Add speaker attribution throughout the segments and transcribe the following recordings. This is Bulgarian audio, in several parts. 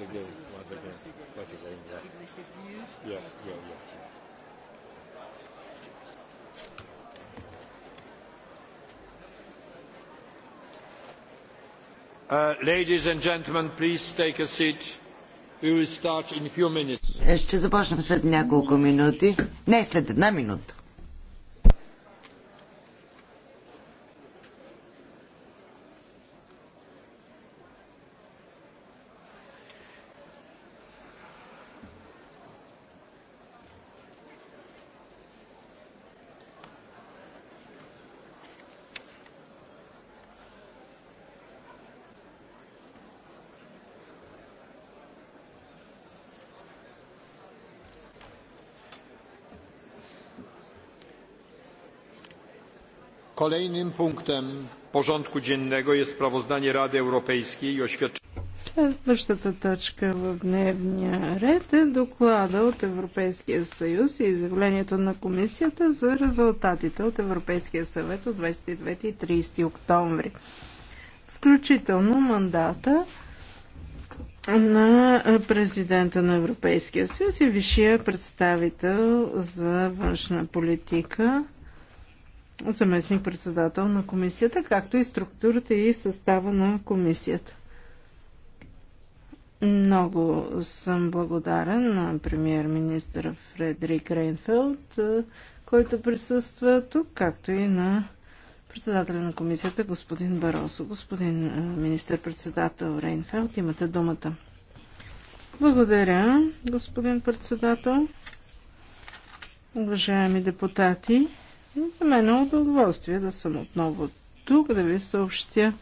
Speaker 1: once again, once again, once again. Yeah, yeah, yeah. yeah. Uh, Ladies and gentlemen, please take a seat. We will start in a few minutes. Ще започнем след няколко минути. Не, след една минута. Kolejnym punktem porządku dziennego jest sprawozdanie Rady Europejskiej o oświadczeniu. Следващата точка в дневния ред е доклада от Европейския съюз и изявлението на комисията за резултатите от Европейския съвет от 29 и 30 октомври. Включително мандата на президента на Европейския съюз и висшия представител за външна политика заместник-председател на комисията, както и структурата и състава на комисията. Много съм благодарен на премьер-министър Фредрик Рейнфелд, който присъства тук, както и на председателя на комисията господин Баросо. Господин министър-председател Рейнфелд, имате думата. Благодаря, господин председател. Уважаеми депутати, за мен е удоволствие да съм отново тук, да ви съобщя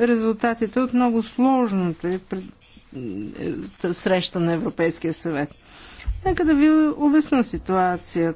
Speaker 1: резултатите от много сложното и пред... Е, среща на Европейския съвет. Нека да ви обясна ситуацията